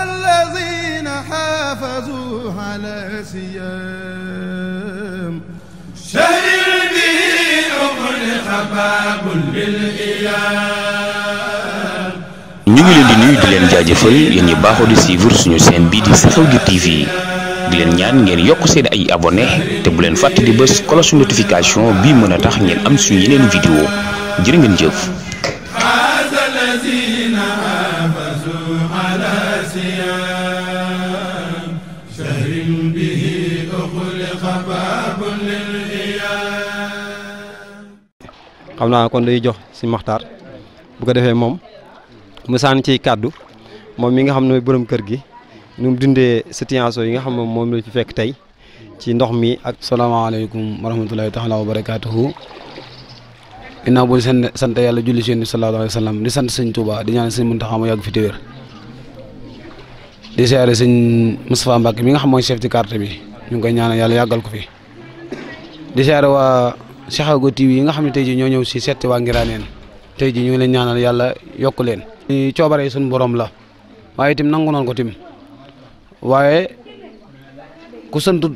الذين حافظوا على سيام شهر الدين أغلق di nuyu di leen jaajëfal yéen ñi di suivre suñu seen bii di Xew TV di leen ñaan ngeen yokk seen ay abonné te bu leen fàtte di bës cloche notification bii mën a tax ngeen am suñu yeneen vidéo jërë ngeen jëf xam naa kon day jox si maxtaar bu ko defee moom mu saan ciy kàddu moom mi nga xam ne borom kër gi nu mu dundee situation yi nga xam ne moom la ci fekk tey ci ndox mi ak. salaamaaleykum wa rahmatulahi taala wa barakaatuhu. ginnaaw bu ñu sant yàlla julli si yéen sallallahu alayhi wa di sant sëñ Touba di ñaan sëñ Muntaxa mu fi téwér di sëñ Moustapha Mbacke mi nga xam mooy chef ci carte bi ñu ngi koy ñaanal yàlla yàggal ko fi di siyaare waa. Sekhawgui TV yi nga xam ne tey ji ñoo ñëw si setti waa Nguiranene tey ji ñu ngi leen ñaanal yàlla yokk leen coobare yi suñu borom la waaye tim nangu noonu ko tim waaye ku santu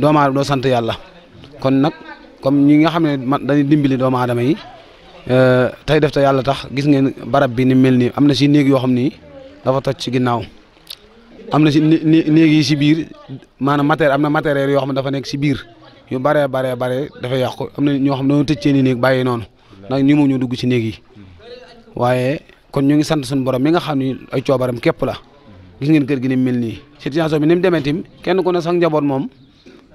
doomu aadama doo sant yàlla kon nag comme ñi nga xam ne man dañuy dimbali doomu aadama yi euh, tey def te yàlla tax gis ngeen barab bi ni mel nii am na si néeg yoo xam nii dafa toj ci ginnaaw am na si néeg yi si biir maanaam matériel am na matériel yoo xam ne dafa nekk si biir yu bare bare bare dafa yak amna ño ñoo xam ne dañoo tëj seen i néeg bàyyi ñu dugg ci néeg yi waaye kon ñu ngi sant sun borom mi nga xamni ay ciobaram kep la gis ngeen kër gi ni melni nii situation bi nim mu tim kenn ko ne sax njabot mom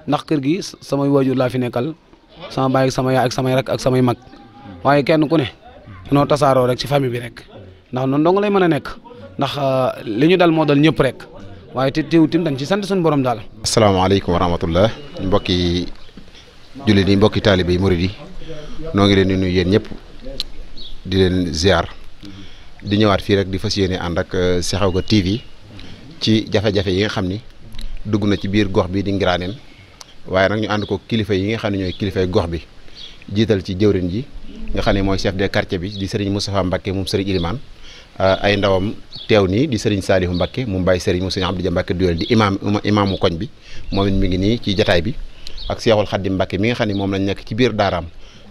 nak kër gi sama wajur la fi nekkal sama baye sama ya, ak sama rek ak sama mag waye kenn ku ne no tasaro rek ci fami bi rek ndax noonu dong lay mëna nekk nak euh, liñu dal mo dal ñëpp rek waye te tim dañ ci sant sun borom assalamu alaykum wa rahmatullah mbokk yi jullit yi mbokki taalibe yi murid yi noo ngi leen di nuyu yéen ñëpp di leen ziar di ñëwaat fii rek di fas yéene ànd ak Sekhawgui euh, ko TV ci jafe-jafe yi nga xam ni dugg na ci biir gox bi di Ngiraaneen waaye nag ñu ànd ko kilifa yi nga xam ne ñooy kilifay gox bi jiital ci jëwrin ji nga xam ne mooy chef de quartier bi di Serigne Moustapha Mbacké moom Serigne Ilimane euh, ay ndawam teew nii di Serigne Salihu Mbacké moom bàyyi Serigne Moussa Abdou Dia Mbacké di imam imaamu koñ bi moo mi ngi nii ci jataay bi ak Seexul Xaddim Mbàkke mi nga xam ne lañ nekk ci biir daram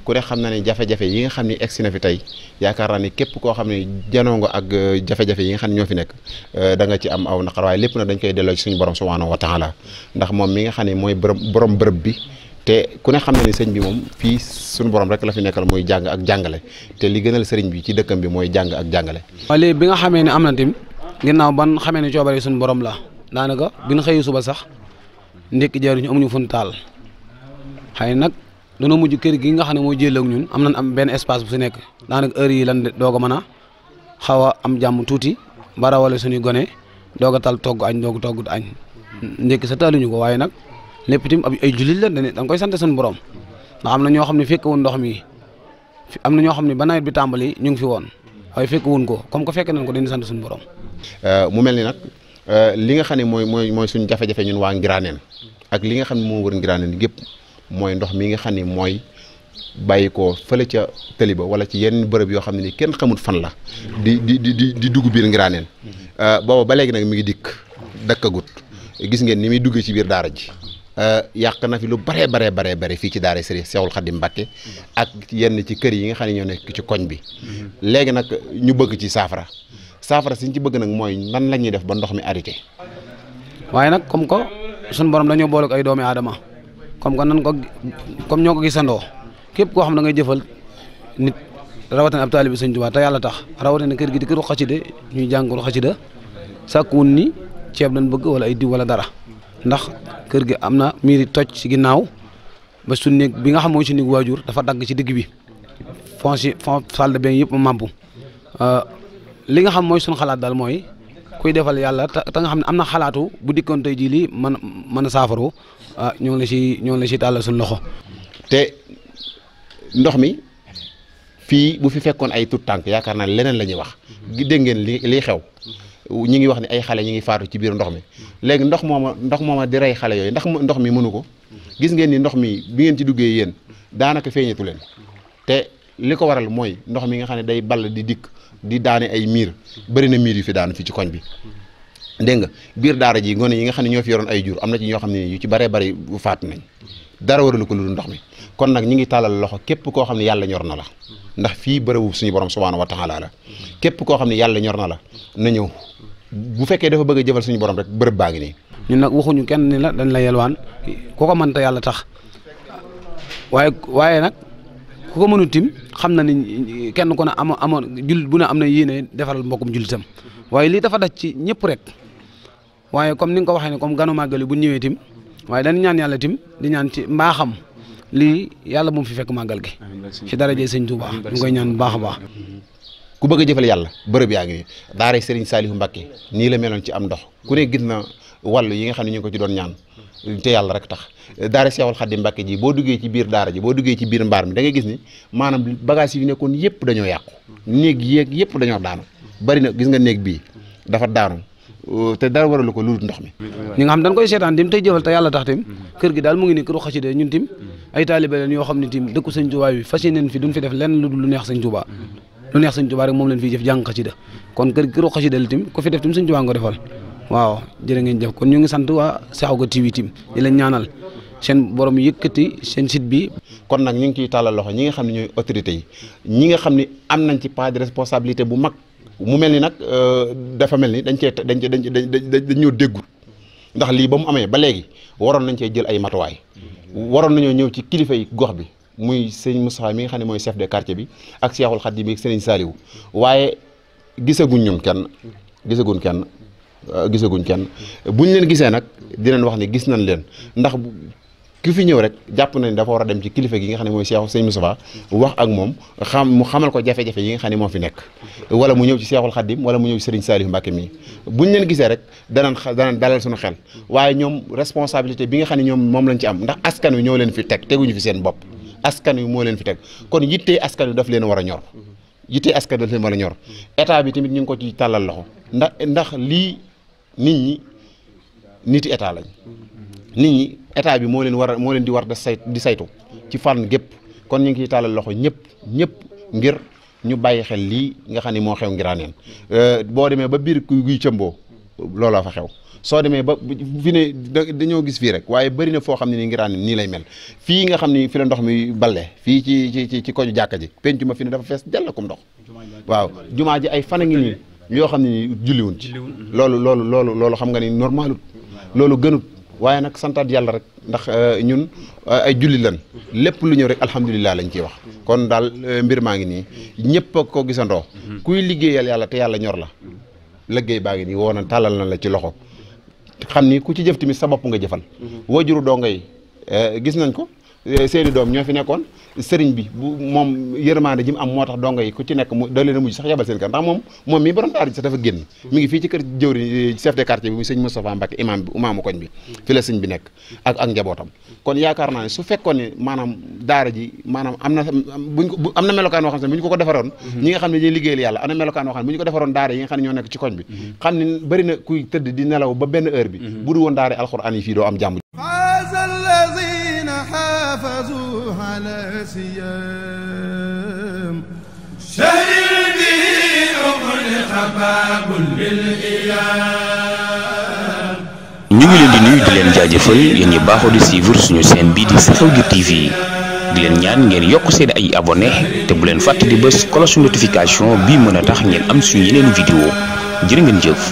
ku ne xam na ne jafe-jafe yi nga xam ne egsi na fi tey yaakaar ak euh, jafe-jafe yi nga xam ne ñoo euh, da nga ci am aw naqar waaye na dañ koy delloo ci suñu borom subhaanahu wa taala ndax moom mi nga borom borom bi te ku ne xam na ne sëñ bi moom fii suñu borom rek la fi nekkal ak te li gënal sëriñ bi ci dëkkam bi mooy jàng ak jàngale. waaye léegi bi nga xamee ne ban xamee ne coobare suñu borom la daanaka bi ñu xëyee suba sax ndékki jaaruñu amuñu xëy nag dañoo mujj kër gi nga xam mo mooy jëlee ak ñun am nañ am benn espace bu si nekk daanaka heure yi lan doog a mën a xaw a am jàmm tuuti ba rawale suñuy gone doog a tal togg añ doog toggut añ ndekki sa taaluñu ko waaye nag lépp itam ay jullit la dañ koy sant suñu borom ndax am na ñoo xam ne fekk woon ndox mi am na ñoo xam ne ba nawet bi tàmbali ñu ngi fi woon waaye fekk woon ko comme que fekk nañ ko dañuy sant suñu borom. Euh, mu mel ni nag euh, li nga xam ne mooy mooy mooy suñu jafe-jafe ñun waa Ngiraaneen ak li nga xam mo moo wër Ngiraaneen gépp mooy ndox mi nga xam ni mooy bàyyi ko fële ca tëli ba wala ci yenn bërëb yoo xam ne ni kenn xamul fan la. di di di di dugg biir Ngiraaneen. Euh, booba ba léegi nag mi ngi dikk dakkagut gis ngeen ni muy dugge ci biir daara ji. Euh, yàq na fi lu bare bare bare bare fii ci daara sëriñ Seexul Xadim Mbàkke ak yenn ci kër yi nga xam ne ñoo nekk ci koñ bi léegi nag ñu bëgg ci saafara saafara si ñu ci bëgg nag mooy nan la ñuy def ba ndox mi arrêté waaye nag comme que suñu borom dañoo boole ak ay aadama comme que nan ko comme ñoko ko kep ko koo xam da ngay jëfël nit rawatan ab talib seigne touba ta yalla tax rawatan keur gi di këru xacide ñuy jangul xacide sakun ni ciëb nañ bëgg wala ay di wala dara ndax keur gi amna miri miiri toj ci ginnaw ba sunne bi nga xam mo ci néeg wajur dafa dag ci digg bi de bain yëpp mampu euh, li nga xam moy sun xalaat dal moy kuy defal yalla ta nga xam amna xalaatu bu dikon tay ji li man man ah ñoo la si ñoom la si tàllal suñu loxo. te ndox mi fii bu fi fekkoon ay tut tànk yaakaar naa leneen la ñuy wax. dégg li liy xew. ñi ngi wax ne ay xale ñi ngi faatu ci biir ndox mi léegi ndox ndox mooma di xale yooyu ndax ndox mi mënu ko gis ngeen ni ndox mi bi ngeen ci duggee yéen daanaka feeñatu leen te li ko waral mooy ndox mi nga xam ne day ball di dikk di daane ay miir bëri na miir yu fi daanu fi ci koñ bi dégg nga biir daara ji ngoone yi nga xam ne ñoo fi yoroon ay jur am na ci ñoo xam ne yu ci baree bari faatu nañ dara waralu ko lu dul ndox mi kon nag ñi ngi tàllal loxo képp koo xam ne yàlla ñor na la ndax fii bërëbu suñu borom subhaanahu wa taala la képp koo xam ne yàlla ñor na la na ñëw bu fekkee dafa bëgg a jëfal suñu borom rek bërëb baa ngi nii ñun nag waxuñu kenn ni la dañ la yelwaan ku ko mënta yàlla tax waaye waaye nag ku ko mënu tim xam na ni kenn ku ne amoon amoon jullit bu ne am na yéene defaral mbokkum jullitam waaye lii dafa daj ci ñëpp rek waaye comme ni nga ko waxee ne comme ganu màggal yi bu ñëwee tim waaye dañu ñaan yàlla tim di ñaan ci mbaaxam lii yàlla moom fi fekk màggal gi ci darajee sëñ Tuubaa ñu koy ñaan baax a baax ku bëgg a jëfal yàlla bërëb yaa ngi nii daara sëriñ Saalihu Mbàkke nii la meloon ci am ndox ku ne gis na wàllu yi nga xam ne ñu ngi ko ci doon ñaan te yàlla rek tax daara Seexul Xaddim Mbàkke ji boo duggee ci biir daara ji boo duggee ci biir mbaar mi da nga gis ni maanaam bagage yi nekkoon yëpp dañoo yàqu néeg yéeg yëpp dañoo daanu bari na gis nga néeg bii dafa daanu Euh, te dara waralu ko lulut ndox mi ñi nga xam dañ koy seetaan tim tey jëfal te yàlla tax tim mm-hmm. kër gi daal mu ngi ni këru xasida ñun tim mm-hmm. ay taalibe leen yoo xam def lenn lu dul lu neex sëñ Tuubaa mm-hmm. lu neex sëñ Tuubaa rek moom leen fiy jëf jàng xasida kon kër këru xasida la tim def kon ñu ngi sant waa Sekhawgui TV tim di leen ñaanal seen borom yëkkati seen site bi kon nag ñu ngi ciy tàllal loxo ñi nga xam ne ñooy autorité yi ñi nga xam ne am nañ ci pas de responsabilité bu mag mu mel ni nag euh, dafa mel ni dañ cee dañ cee dañ dañ ñoo déggul ndax lii ba mu amee ba léegi waroon nañ cee jël ay matuwaay waroon nañoo ñëw ci kilifa yi gox bi muy sëñ Moussa mi nga xam ne mooy chef de quartier bi ak Cheikhul Khadim ak sëriñ Saliou waaye gisaguñ ñun kenn gisaguñ kenn euh, gisaguñ kenn buñ leen gisee nag dinañ wax ne gis nañ leen ndax ki fi ñëw rek jàpp nañ dafa war a dem ci kilifa gi nga xam ne mooy seexu sëñ Moustapha wax ak moom xam mu xamal ko jafe-jafe yi nga xam ne moo fi nekk wala mu ñëw ci seexul xaddim wala mu ñëw ci sëriñ Saliou Mbacke mii buñ leen gisee rek danañ danañ dalal suñu xel waaye ñoom responsabilité bi nga xam ne ñoom moom lañ ci am ndax askan wi ñoo leen fi teg teguñu fi seen bopp askan wi moo leen fi teg kon yittee askan wi daf leen war a ñor yittee askan daf leen war a ñor état bi tamit ñu ngi ko ci tàllal loxo ndax ndax lii nit ñi niti état lañ nit ñi état bi moo leen war moo leen di war da say di saytu ci fànn gépp kon ñu ngi ciy tàllal loxo ñëpp ñëpp ngir ñu bàyyi xel lii nga xam ni moo xew ngiraaneen euh, boo demee ba biir guy cëmboo looloo fa xew soo demee ba fi ne dañoo gis fii rek waaye bëri na foo xam ne nii ngiraaneen nii lay mel fii nga xam ni fi ndox mi balle fii ci ci ci ci koju jàkka ji penc ma fi ne dafa fees dell kum ndox waaw jumaa ji ay fan ngi yoo xam ne nii ci mm-hmm. loolu loolu loolu loolu xam nga ni normalut loolu gënut waaye nag santaat yàlla rek ndax euh, ñun euh, ay julli lan lépp lu ñëw rek alhamdulilah lañ ciy wax kon daal euh, mbir maa ngi nii ñëpp a ko gisandoo kuy liggéeyal yàlla te yàlla ñor la liggéey baa ngi nii woo na tàllal na la ci loxo xam ni ku ci jëf tamit sa bopp nga jëfal uhuh. wajuru doo ngay gis nañ ko seeni doom ñoo fi nekkoon sëriñ bi bu moom yërmaande ji mu am moo tax dongo yi ku ci nekk mu da leen a mujj sax yabal seen kër ndax moom moom mii borom daara ji sax dafa génn mi ngi fii ci kër jëwri eh, chef de quartier bi muy sëñ Moustapha Mbacke imam bi imaamu koñ bi fi sëñ bi nekk ak njabootam kon yaakaar naa ne su fekkoon maanaam daara ji maanaam am na buñ ko am na melokaan woo xam bu ñu ko ko defaroon mhm. ñi nga xam ne ñoo nekk ci koñ bi mhm. xam ne bëri kuy tëdd di nelaw ba benn heure bi mhm. bu سيام شهر به أغلق باب للإيام ñu ngi leen di nuyu di leen jaajëfal yéen ñi baaxoo di suivre suñu seen bii di saxew gi tv di leen ñaan ngeen yokk seen ay abonné te bu leen fàtte di bës cloche notification bi mën a tax ngeen am suñu yeneen vidéo jërë ngeen jëf